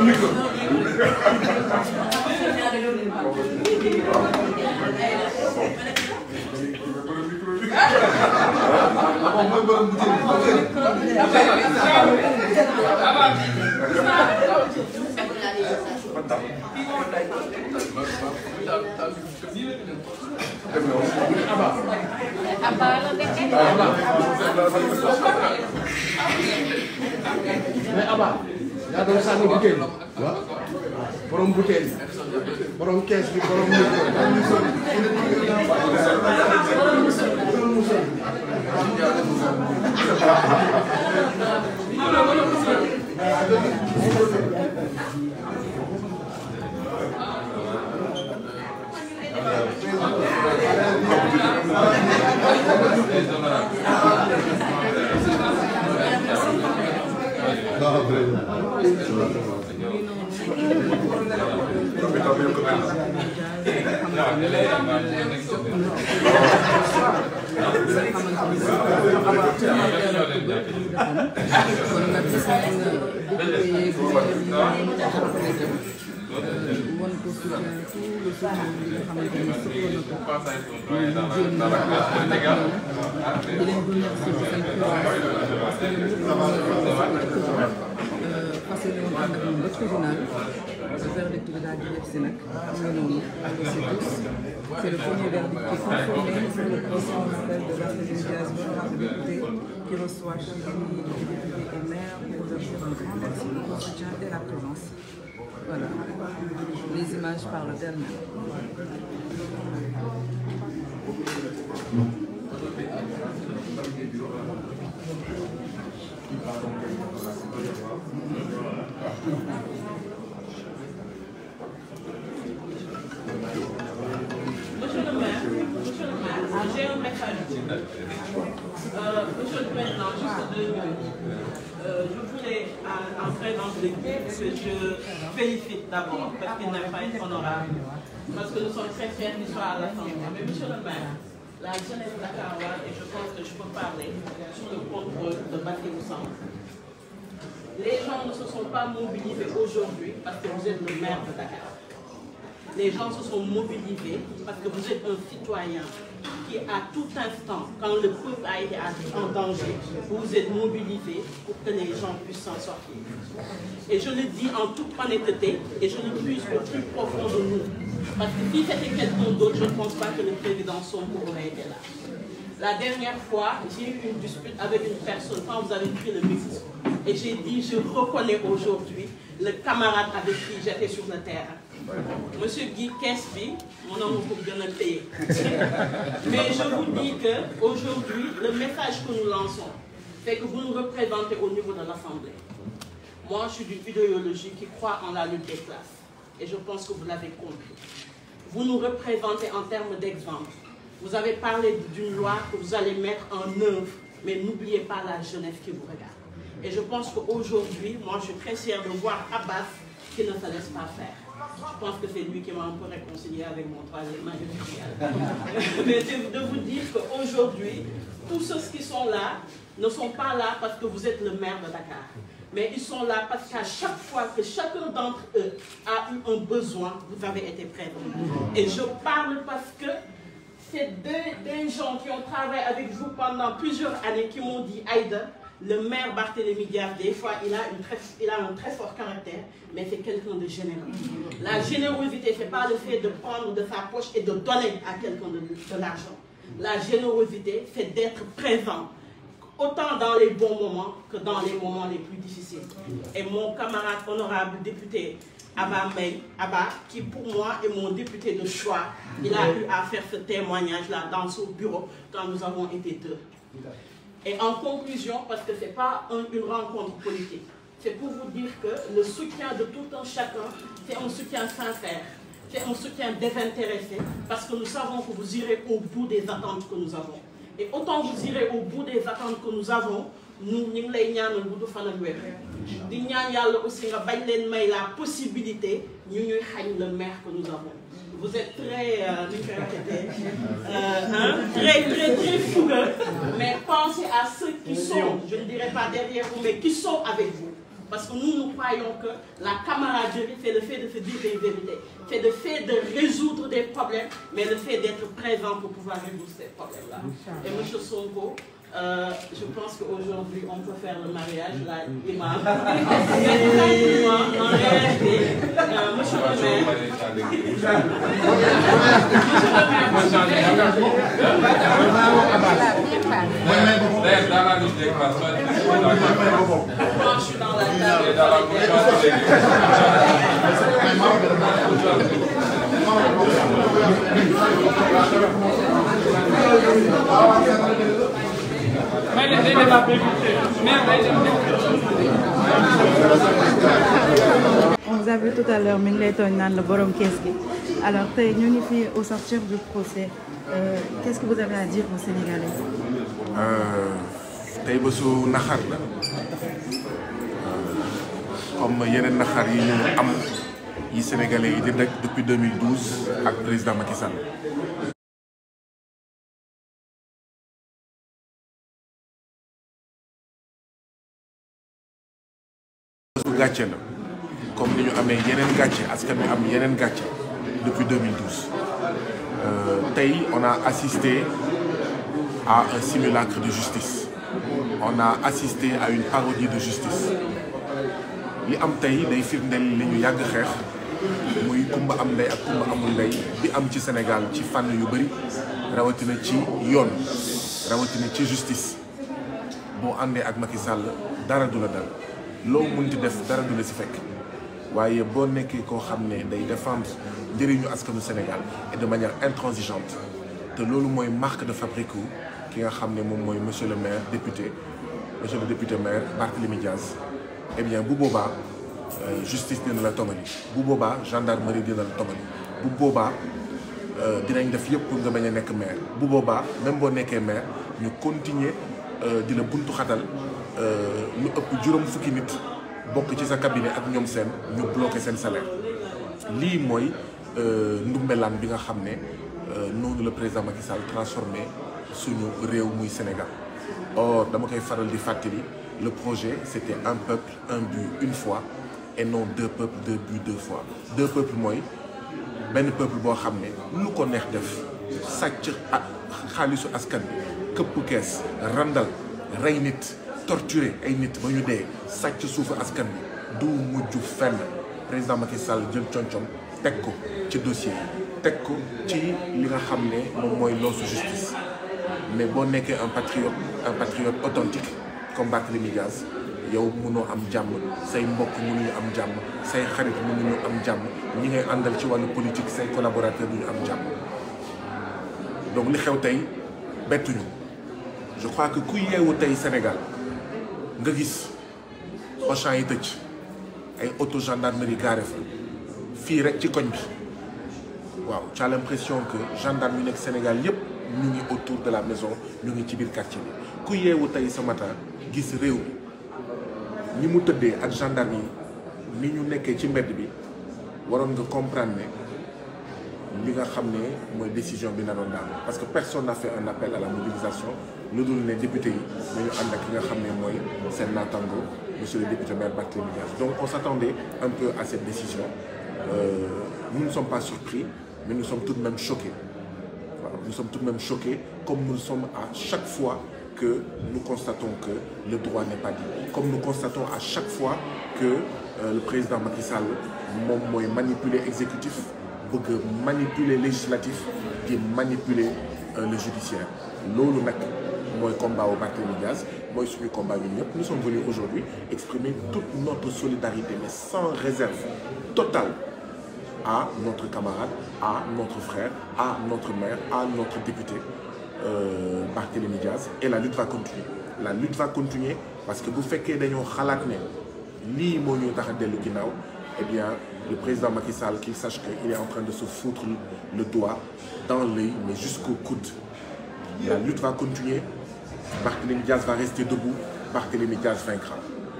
wala micro. mais Aba. yaa doon sànni butéel yi waaw borom butéel yi borom kees bi borom micro bi. kon nag won ko soutien tout le soutien bi nga xamante ni soxla na ko di leen remercier ci seen parce que parce que ñoom ànd ak ñoom ba tribunal verdict bi daal di def si nag am na noonu c'est tous c'est le premier verdict qui confirme sur le procès en appel de Barthélémy Dias honorable député qui reçoit chez lui les députés et maires pour leur dire un grand merci pour le soutien et la présence Voilà. Les images parlent d'elles-mêmes. J'ai un message. Euh, monsieur le Président, juste deux minutes. en très grande que je félicite d'abord parce Parce que nous sommes très fiers qu'il soit à l'Assemblée. Mais monsieur le maire, la jeunesse dakaroise, et je pense que je peux parler sur le compte de Bakéou Les gens ne sont pas mobilisés aujourd'hui parce que vous êtes le maire de Dakar. les gens se sont mobilisés parce que vous êtes un citoyen qui, à tout instant, quand le peuple a été en danger, vous êtes mobilisés pour que les gens puissent s'en sortir. Et je le dis en toute honnêteté et je le plus profond de nous. Parce que si c'était quelqu'un d'autre, je ne pense pas que le président Sonko aurait été là. La dernière fois, j'ai eu une dispute avec une personne quand vous avez pris le ministre. Et j'ai dit, je reconnais aujourd'hui le camarade avec qui j'étais sur le terrain. Monsieur Guy Kesby, mon nom vous bien le payer. Mais je vous dis que aujourd'hui, le message que nous lançons, c'est que vous nous représentez au niveau de l'Assemblée. je en la lutte des classes. Et pense que vous l'avez compris. Vous nous représentez en termes d'exemple. Vous avez parlé d'une loi que vous allez mettre en œuvre, mais n'oubliez pas la jeunesse qui vous regarde. Et je pense qu'aujourd'hui, moi, suis très fière de voir Abbas qui ne se laisse pas faire. Je pense que c'est lui qui m'a un peu avec mon troisième magistral. Mais de vous dire qu'aujourd'hui, tous ceux qui sont là ne sont pas là parce que vous êtes le maire de Dakar. Mais ils sont là parce qu'à chaque fois que chacun d'entre eux a eu un besoin, vous avez été prêts. Et je parle parce que c'est deux, des gens qui ont travaillé Le maire Barthélémy Diaz, des fois, il a, un très fort caractère, mais c'est quelqu'un de généreux. La générosité, ce n'est pas le fait de prendre de sa poche et de donner à quelqu'un de, de l'argent. La générosité, c'est d'être présent, autant dans les bons moments que dans les moments les plus difficiles. Et mon camarade honorable député Abba May, Abba, qui pour moi est mon député de choix, il a eu à faire ce témoignage-là dans son bureau quand nous avons été deux. Et en conclusion, parce que ce n'est pas un, une rencontre politique, c'est pour vous dire que le soutien de tout un chacun, c'est un soutien sincère, c'est un soutien désintéressé, parce que nous savons que vous irez au bout des attentes que nous avons. Et autant vous irez au bout des attentes que nous avons, nous ñu ngi lay ñaanal fanal wér di ñaan yàlla aussi nga bañ leen may la possibilité ñu ñuy xañ le maire que nous avons vous êtes très, euh, euh très, très, très fougueux, mais pensez à ceux qui sont, je ne dirais pas derrière vous, mais qui sont avec vous. Parce que nous, nous croyons que la camaraderie, c'est le fait de se dire des le fait de résoudre des problèmes, mais le fait d'être présent pour pouvoir résoudre ces problèmes-là. Et M. Sonko, Euh, je pense qu'aujourd'hui, on peut faire le mariage, là, l'imam. Mm-hmm. Mais en réalité, euh, monsieur le maire. suis dans la On vous a tout à l'heure mi ngi lay tooñ naan la borom kees gi alors tey ñu fi fii au sortir du procès euh, qu'est-ce que vous avez à dire aux Sénégalais. Euh, tey bésu naxar la euh, comme yeneen naxar yi ñu am yi Sénégalais yi depuis ak président Macky gàcce la comme ni ñu amee yeneen gàcce askan bi am yeneen gàcce depuis euh, tey on a assisté à un de justice on a assisté à une parodie de justice li am tey day firndeel li ñu yàgg xeex muy kumba am ndey ak kumba amul ndey bi am ci senegal ci fànn yu bëri rawatina ci yoon rawatina ci justice moo àndee ak Macky Sall dara du la dal loo munti def dara du la si fekk waaye boo nekkee koo xam ne day défendre njëriñu askanu Sénégal et de manière intransigeante te loolu mooy marque de fabrique ki nga xam ne moom mooy monsieur le maire député monsieur le député maire Barthélémy Diaz eh bien bu boobaa euh, justice dina la tongali bu boobaa gendarmerie dina la tongali bu boobaa euh, dinañ def yëpp pour nga bañ a nekk maire bu boobaa même boo nekkee maire ñu continuer euh, dina la buntu xatal lu ëpp juróom fukki nit bokk ci sa cabinet ak ñoom seen ñu bloqué seen salaire lii mooy euh, ndumbelaan bi nga xam ne euh, noonu la président Macky Sall transformé suñu réew muy Sénégal or dama koy faral di fàttali le projet c'était un peuple un but une fois et non deux peuples deux fois deux peuples mooy benn peuple boo xam ne lu ko neex def sàcc xaalisu askan bi këpp kees randal rey nit torturer ay nit ba ñu dee sàcc suufu askan bi du mujj fenn président Macky Sall jël concom teg ko ci dossier teg ko ci li nga xam ne moom mooy loosu justice mais boo nekkee un patriote un patriote authentique comme Barthélémy yow mënoo am jàmm say mbokk mënuñu am jàmm say xarit mënuñu am jàmm ñi ngay àndal ci wàllu politique say collaborateur duñu am jàmm donc li xew tey bettuñu je crois que ku yeewu tey Sénégal nga gis Auchan yi tëj ay auto gendarmerie garé fa fii rek ci koñ bi waaw tu as l'impression que gendarme yu nekk Sénégal yépp ñu ngi autour de la maison ñu ngi ci biir quartier ku yeewu tey ce matin gis réew mi ni mu tëddee ak gendarme yi ni ñu nekkee ci mbedd bi waroon nga comprendre ne li nga xam ne mooy décision bi na doon daal parce que personne n'a fait un appel à la mobilisation lu dul ne député yi dañu ànd ak ki nga xam ne mooy seen naataango monsieur le député maire Barthélémy Dias donc on s'attendait un peu à cette décision euh, nous ne sommes pas surpris mais nous sommes tout de même choqués comme nous chaque fois que nous constatons que le droit n'est pas dit comme nous constatons à chaque fois que euh, le président Macky Sall moom mooy manipuler exécutif bëgg manipuler législatif di manipuler euh, le judiciaire loolu nag mooy combat wu Barthélémy Diaz mooy suñu combat ñun ñëpp nous sommes venus aujourd'hui exprimer toute notre solidarité mais sans réserve totale à notre camarade à notre frère à notre maire à notre député euh, Barthélémy Diaz et la lutte va continuer la lutte va continuer parce que bu fekkee dañoo xalaat ne lii moo ñu tax a dellu ginnaaw eh bien le président Macky Sall qu'il sache que il est en train de se foutre le doigt dans l'œil mais jusqu'au coude la lutte va continuer Barthélémy Diaz va rester debout, Barthélémy Diaz vaincra.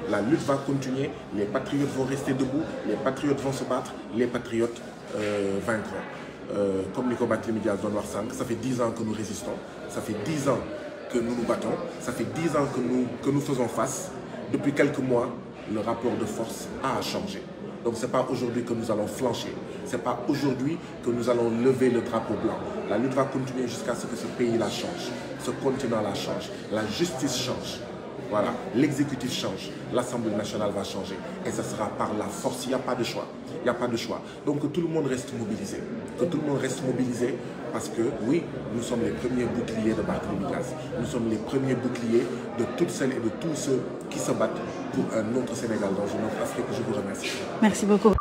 La lutte va continuer, les patriotes vont rester debout, les patriotes vont se battre, les patriotes euh, vaincront. Euh, comme Nico Barthélémy Diaz doit ça fait 10 ans que nous résistons, ça fait 10 ans que nous nous battons, ça fait 10 ans que nous, que nous faisons face. Depuis quelques mois, le rapport de force a changé. Donc ce n'est pas aujourd'hui que nous allons flancher. Ce n'est pas aujourd'hui que nous allons lever le drapeau blanc. La lutte va continuer jusqu'à ce que ce pays la change, ce continent la change, la justice change. Voilà, l'exécutif change, l'Assemblée nationale va changer. Et ça sera par la force, il n'y a pas de choix. Il Donc que tout le monde reste mobilisé. Que tout le parce que oui, nous sommes les premiers boucliers de Barthélemy Diaz. Nous sommes les premiers boucliers de toutes celles et de tous ceux qui se battent pour un autre Sénégal dans une autre Afrique. Je vous remercie. Merci